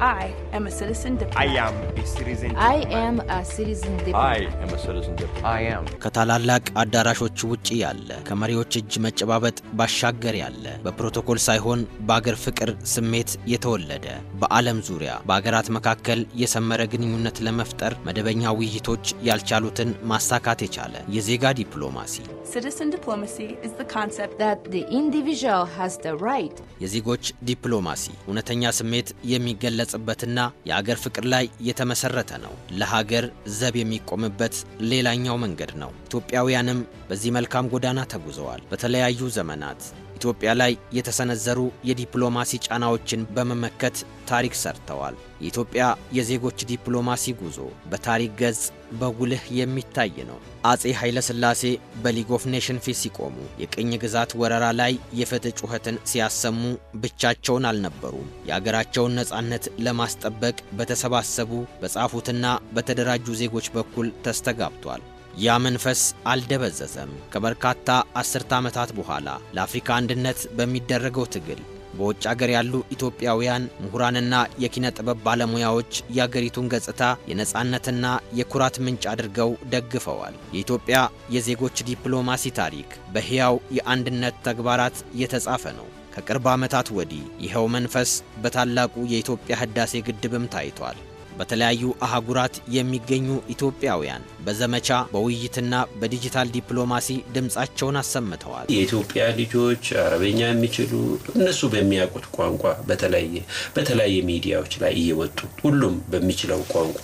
I am a citizen diplomat. I am a citizen diplomat. I am a citizen diplomat. I am a citizen diplomat. I am ከታላላቅ አዳራሾች ውጪ ያለ ከመሪዎች እጅ መጨባበጥ ባሻገር ያለ በፕሮቶኮል ሳይሆን በአገር ፍቅር ስሜት የተወለደ በዓለም ዙሪያ በአገራት መካከል የሰመረ ግንኙነት ለመፍጠር መደበኛ ውይይቶች ያልቻሉትን ማሳካት የቻለ የዜጋ ዲፕሎማሲ citizen diplomacy is the concept that the individual has the right የዜጎች ዲፕሎማሲ እውነተኛ ስሜት የሚገለጽ የሚገለጽበትና የአገር ፍቅር ላይ የተመሰረተ ነው። ለሀገር ዘብ የሚቆምበት ሌላኛው መንገድ ነው። ኢትዮጵያውያንም በዚህ መልካም ጎዳና ተጉዘዋል። በተለያዩ ዘመናት ኢትዮጵያ ላይ የተሰነዘሩ የዲፕሎማሲ ጫናዎችን በመመከት ታሪክ ሰርተዋል። የኢትዮጵያ የዜጎች ዲፕሎማሲ ጉዞ በታሪክ ገጽ በጉልህ የሚታይ ነው። አጼ ኃይለ ሥላሴ በሊግ ኦፍ ኔሽን ፊት ሲቆሙ የቅኝ ግዛት ወረራ ላይ የፍትህ ጩኸትን ሲያሰሙ ብቻቸውን አልነበሩም። የአገራቸውን ነፃነት ለማስጠበቅ በተሰባሰቡ በጻፉትና በተደራጁ ዜጎች በኩል ተስተጋብቷል። ያ መንፈስ አልደበዘዘም። ከበርካታ አስርተ ዓመታት በኋላ ለአፍሪካ አንድነት በሚደረገው ትግል በውጭ አገር ያሉ ኢትዮጵያውያን ምሁራንና የኪነ ጥበብ ባለሙያዎች የአገሪቱን ገጽታ የነፃነትና የኩራት ምንጭ አድርገው ደግፈዋል። የኢትዮጵያ የዜጎች ዲፕሎማሲ ታሪክ በሕያው የአንድነት ተግባራት የተጻፈ ነው። ከቅርብ ዓመታት ወዲህ ይኸው መንፈስ በታላቁ የኢትዮጵያ ሕዳሴ ግድብም ታይቷል። በተለያዩ አህጉራት የሚገኙ ኢትዮጵያውያን በዘመቻ በውይይትና በዲጂታል ዲፕሎማሲ ድምፃቸውን አሰምተዋል። የኢትዮጵያ ልጆች አረበኛ የሚችሉ እነሱ በሚያውቁት ቋንቋ በተለያየ በተለያየ ሚዲያዎች ላይ እየወጡ ሁሉም በሚችለው ቋንቋ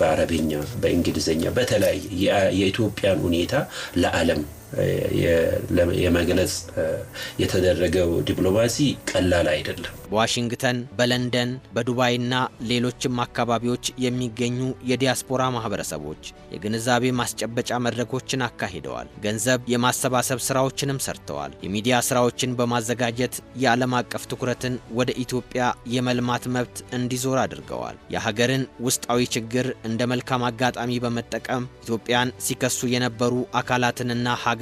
በአረበኛ፣ በእንግሊዝኛ በተለያየ የኢትዮጵያን ሁኔታ ለዓለም የመግለጽ የተደረገው ዲፕሎማሲ ቀላል አይደለም። በዋሽንግተን በለንደን በዱባይና ሌሎችም አካባቢዎች የሚገኙ የዲያስፖራ ማህበረሰቦች የግንዛቤ ማስጨበጫ መድረኮችን አካሂደዋል። ገንዘብ የማሰባሰብ ስራዎችንም ሰርተዋል። የሚዲያ ስራዎችን በማዘጋጀት የዓለም አቀፍ ትኩረትን ወደ ኢትዮጵያ የመልማት መብት እንዲዞር አድርገዋል። የሀገርን ውስጣዊ ችግር እንደ መልካም አጋጣሚ በመጠቀም ኢትዮጵያን ሲከሱ የነበሩ አካላትንና ሀገር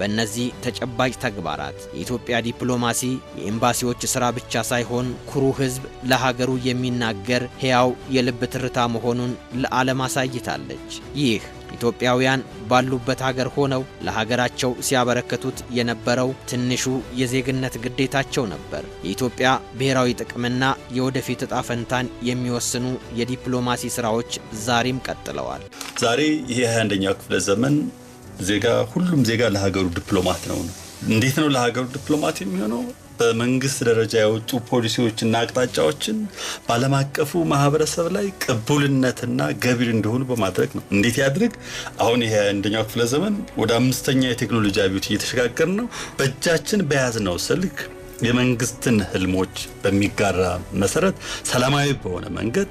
በእነዚህ ተጨባጭ ተግባራት የኢትዮጵያ ዲፕሎማሲ የኤምባሲዎች ሥራ ብቻ ሳይሆን ኩሩ ሕዝብ ለሀገሩ የሚናገር ሕያው የልብ ትርታ መሆኑን ለዓለም አሳይታለች። ይህ ኢትዮጵያውያን ባሉበት ሀገር ሆነው ለሀገራቸው ሲያበረከቱት የነበረው ትንሹ የዜግነት ግዴታቸው ነበር። የኢትዮጵያ ብሔራዊ ጥቅምና የወደፊት እጣ ፈንታን የሚወስኑ የዲፕሎማሲ ሥራዎች ዛሬም ቀጥለዋል። ዛሬ ይህ 21ኛው ክፍለ ዘመን ዜጋ ሁሉም ዜጋ ለሀገሩ ዲፕሎማት ነው። እንዴት ነው ለሀገሩ ዲፕሎማት የሚሆነው? በመንግስት ደረጃ የወጡ ፖሊሲዎችና አቅጣጫዎችን በአለም አቀፉ ማህበረሰብ ላይ ቅቡልነትና ገቢር እንደሆኑ በማድረግ ነው። እንዴት ያድርግ? አሁን ይሄ አንደኛው ክፍለ ዘመን ወደ አምስተኛ የቴክኖሎጂ አብዮት እየተሸጋገር ነው። በእጃችን በያዝነው ስልክ የመንግስትን ህልሞች በሚጋራ መሰረት ሰላማዊ በሆነ መንገድ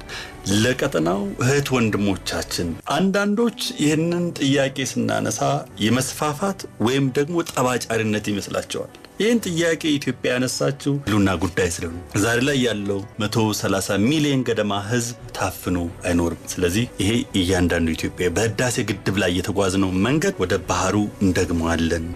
ለቀጠናው እህት ወንድሞቻችን አንዳንዶች ይህንን ጥያቄ ስናነሳ የመስፋፋት ወይም ደግሞ ጠባጫሪነት ይመስላቸዋል። ይህን ጥያቄ ኢትዮጵያ ያነሳችው ሉና ጉዳይ ስለሆነ ዛሬ ላይ ያለው 130 ሚሊዮን ገደማ ህዝብ ታፍኖ አይኖርም። ስለዚህ ይሄ እያንዳንዱ ኢትዮጵያ በህዳሴ ግድብ ላይ የተጓዝነው መንገድ ወደ ባህሩ እንደግመዋለን።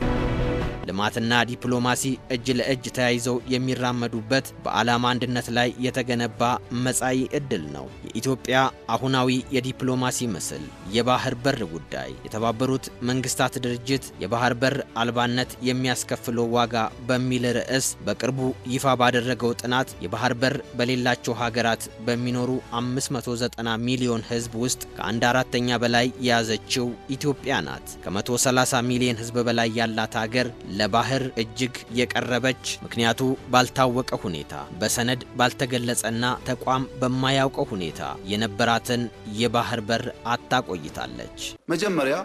ልማትና ዲፕሎማሲ እጅ ለእጅ ተያይዘው የሚራመዱበት በዓላማ አንድነት ላይ የተገነባ መጻኢ ዕድል ነው። የኢትዮጵያ አሁናዊ የዲፕሎማሲ ምስል የባህር በር ጉዳይ የተባበሩት መንግስታት ድርጅት የባህር በር አልባነት የሚያስከፍለው ዋጋ በሚል ርዕስ በቅርቡ ይፋ ባደረገው ጥናት የባህር በር በሌላቸው ሀገራት በሚኖሩ 590 ሚሊዮን ህዝብ ውስጥ ከአንድ አራተኛ በላይ የያዘችው ኢትዮጵያ ናት። ከ130 ሚሊዮን ህዝብ በላይ ያላት ሀገር ለባህር እጅግ የቀረበች ምክንያቱ ባልታወቀ ሁኔታ በሰነድ ባልተገለጸና ተቋም በማያውቀው ሁኔታ የነበራትን የባህር በር አታቆይታለች። መጀመሪያ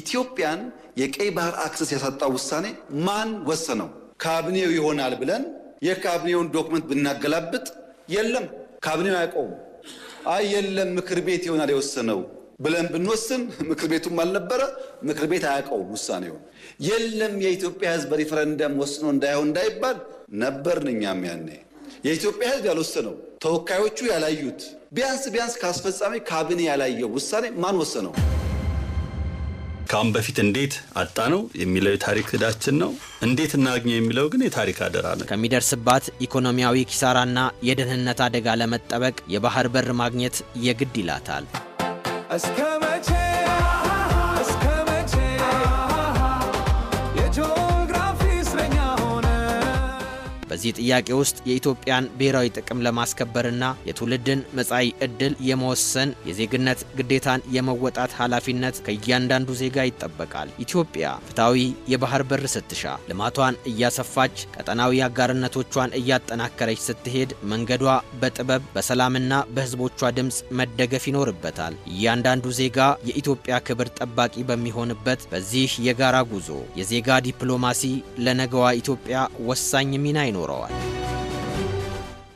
ኢትዮጵያን የቀይ ባህር አክሰስ ያሳጣው ውሳኔ ማን ወሰነው? ካቢኔው ይሆናል ብለን የካቢኔውን ዶክመንት ብናገላብጥ የለም፣ ካቢኔው አያውቀውም። አይ የለም፣ ምክር ቤት ይሆናል የወሰነው ብለን ብንወስን ምክር ቤቱም አልነበረ፣ ምክር ቤት አያውቀው ውሳኔውን። የለም የኢትዮጵያ ሕዝብ በሪፈረንደም ወስኖ እንዳይሆን እንዳይባል ነበርን እኛም ያኔ። የኢትዮጵያ ሕዝብ ያልወሰነው ተወካዮቹ ያላዩት ቢያንስ ቢያንስ ከአስፈጻሚ ካቢኔ ያላየው ውሳኔ ማን ወሰነው? ከአሁን በፊት እንዴት አጣ ነው የሚለው የታሪክ ዕዳችን ነው። እንዴት እናገኘው የሚለው ግን የታሪክ አደራ ነው። ከሚደርስባት ኢኮኖሚያዊ ኪሳራና የደህንነት አደጋ ለመጠበቅ የባህር በር ማግኘት የግድ ይላታል። as coming. በዚህ ጥያቄ ውስጥ የኢትዮጵያን ብሔራዊ ጥቅም ለማስከበርና የትውልድን መጻኢ ዕድል የመወሰን የዜግነት ግዴታን የመወጣት ኃላፊነት ከእያንዳንዱ ዜጋ ይጠበቃል። ኢትዮጵያ ፍትሐዊ የባህር በር ስትሻ፣ ልማቷን እያሰፋች፣ ቀጠናዊ አጋርነቶቿን እያጠናከረች ስትሄድ መንገዷ በጥበብ በሰላምና በሕዝቦቿ ድምፅ መደገፍ ይኖርበታል። እያንዳንዱ ዜጋ የኢትዮጵያ ክብር ጠባቂ በሚሆንበት በዚህ የጋራ ጉዞ የዜጋ ዲፕሎማሲ ለነገዋ ኢትዮጵያ ወሳኝ ሚና ይኖራል። ተሰውረዋል።